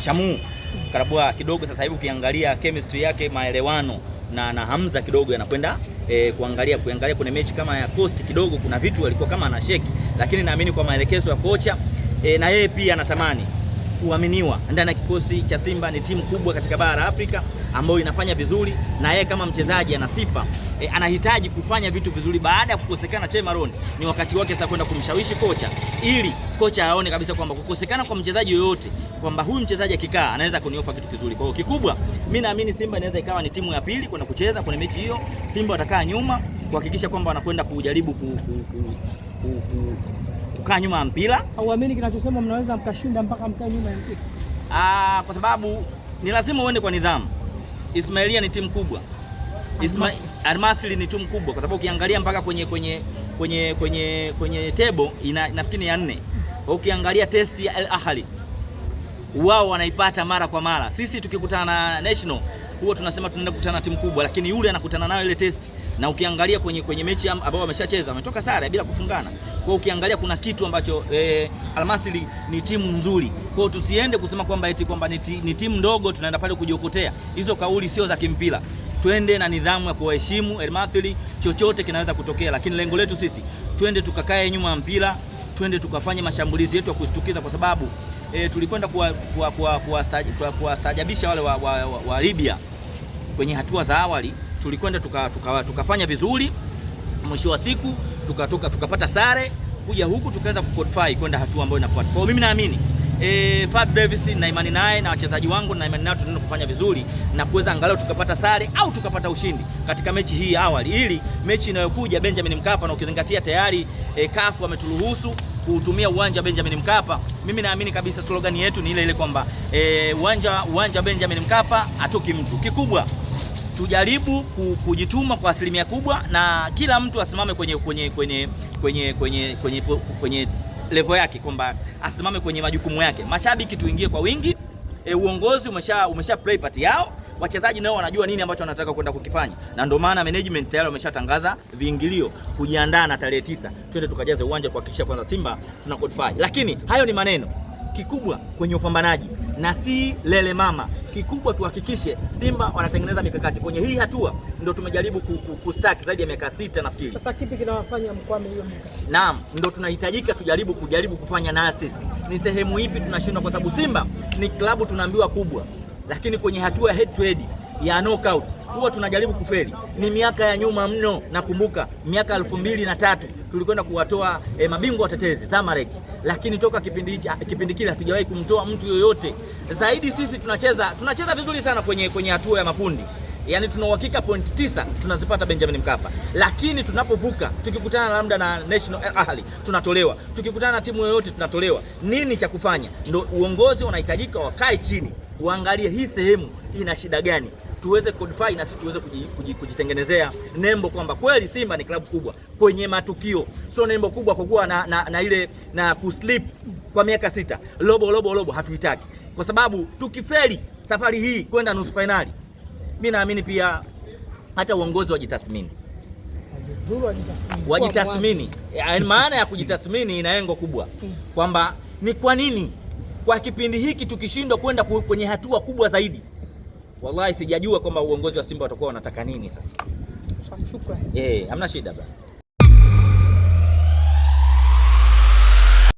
Shamu Karabua kidogo sasa hivi ukiangalia chemistry yake, maelewano na na Hamza kidogo yanakwenda e, kuangalia kuangalia kwenye mechi kama ya Coast kidogo kuna vitu alikuwa kama anasheki, lakini naamini kwa maelekezo ya kocha e, na yeye pia anatamani kuaminiwa ndani ya kikosi cha Simba. Ni timu kubwa katika bara la Afrika ambayo inafanya vizuri, na yeye kama mchezaji ana sifa e, anahitaji kufanya vitu vizuri. Baada ya kukosekana Che Malone, ni wakati wake sasa kwenda kumshawishi kocha, ili kocha aone kabisa kwamba kukosekana kwa mchezaji yoyote, kwamba huyu mchezaji akikaa anaweza kuniofa kitu kizuri. Kwa hiyo kikubwa, mimi naamini Simba inaweza ikawa ni timu ya pili kwenda kucheza kwenye mechi hiyo. Simba watakaa nyuma kuhakikisha kwamba wanakwenda kujaribu ku, ku, ku, ku, ku kukaa nyuma ya mpira. Hauamini kinachosema mnaweza mkashinda mpaka mkae nyuma ya mpira? Ah, kwa sababu ni lazima uende kwa nidhamu. Ismailia ni timu kubwa. Isma, Almasri ni timu kubwa kwa sababu ukiangalia mpaka kwenye kwenye kwenye kwenye kwenye tebo ina nafikiri ya nne. Ukiangalia testi ya Al Ahli wao wanaipata mara kwa mara. Sisi tukikutana na National huwa tunasema tunaenda kukutana na timu kubwa, lakini yule anakutana nayo ile test, na ukiangalia kwenye, kwenye mechi ambao wameshacheza wametoka sare bila kufungana. Kwa ukiangalia kuna kitu ambacho eh, Almasri ni timu nzuri. Kwa tusiende kusema kwamba eti kwamba ni timu ndogo tunaenda pale kujiokotea. Hizo kauli sio za kimpira. Twende na nidhamu ya kuwaheshimu Almasri, chochote kinaweza kutokea, lakini lengo letu sisi twende tukakae nyuma ya mpira, twende tukafanye mashambulizi yetu ya kushtukiza kwa sababu E, tulikwenda kuwastaajabisha kuwa, kuwa, kuwa, kuwa wale wa, wa, wa, wa Libya kwenye hatua za awali tulikwenda tuka, tuka, tukafanya vizuri, mwisho wa siku tukatoka tukapata sare, kuja huku tukaweza kuqualify kwenda hatua ambayo inafuata. Kwa hiyo mimi naamini e, Fab Davis na imani naye na wachezaji wangu na imani nao tunaenda kufanya vizuri na kuweza angalau tukapata sare au tukapata ushindi katika mechi hii awali, ili mechi inayokuja Benjamin Mkapa, na ukizingatia tayari e, CAF wameturuhusu kuutumia uwanja wa Benjamin Mkapa. Mimi naamini kabisa slogan yetu ni ile ile kwamba e, uwanja uwanja wa Benjamin Mkapa hatoki mtu kikubwa tujaribu kujituma kwa asilimia kubwa, na kila mtu asimame kwenye kwenye kwenye kwenye kwenye kwenye, kwenye levo yake, kwamba asimame kwenye majukumu yake. Mashabiki tuingie kwa wingi. E, uongozi umesha umesha play part yao. Wachezaji nao wanajua nini ambacho wanataka kwenda kukifanya, na ndio maana management tayari wameshatangaza viingilio, kujiandaa na tarehe tisa, twende tukajaze uwanja kuhakikisha kwanza Simba tuna qualify. Lakini hayo ni maneno, kikubwa kwenye upambanaji na si lele mama kikubwa tuhakikishe Simba wanatengeneza mikakati kwenye hii hatua. Ndo tumejaribu kustaki zaidi ya miaka sita nafikiri. Sasa kipi kinawafanya mkwame hiyo miaka? Naam, ndo tunahitajika tujaribu kujaribu kufanya na sisi, ni sehemu ipi tunashindwa, kwa sababu Simba ni klabu tunaambiwa kubwa, lakini kwenye hatua head to head ya knockout huwa tunajaribu kufeli. Ni miaka ya nyuma mno, nakumbuka miaka elfu mbili na tatu tulikwenda kuwatoa e, mabingwa watetezi Zamalek, lakini toka kipindi hicho ah, kipindi kile hatujawahi kumtoa mtu yoyote zaidi. Sisi tunacheza tunacheza vizuri sana kwenye kwenye hatua ya makundi yaani tuna uhakika point tisa tunazipata Benjamin Mkapa, lakini tunapovuka tukikutana labda na National eh, Ahli tunatolewa, tukikutana na timu yoyote tunatolewa. Nini cha kufanya? Ndo uongozi unahitajika, wakae chini, uangalie hii sehemu ina shida gani tuweze codify na sisi tuweze kujitengenezea nembo kwamba kweli Simba ni klabu kubwa kwenye matukio, sio nembo kubwa kwa kuwa na, na, na ile na kuslip kwa miaka sita, lobo lobo lobo hatuitaki, kwa sababu tukifeli safari hii kwenda nusu fainali, mi naamini pia hata uongozi wajitathmini wajitathmini yaani maana ya kujitathmini ina lengo kubwa, kwamba ni kwa nini kwa kipindi hiki tukishindwa kwenda kwenye hatua kubwa zaidi, Wallahi sijajua kwamba uongozi wa Simba watakuwa wanataka nini sasa. Shukrani. Eh, hamna shida bwana.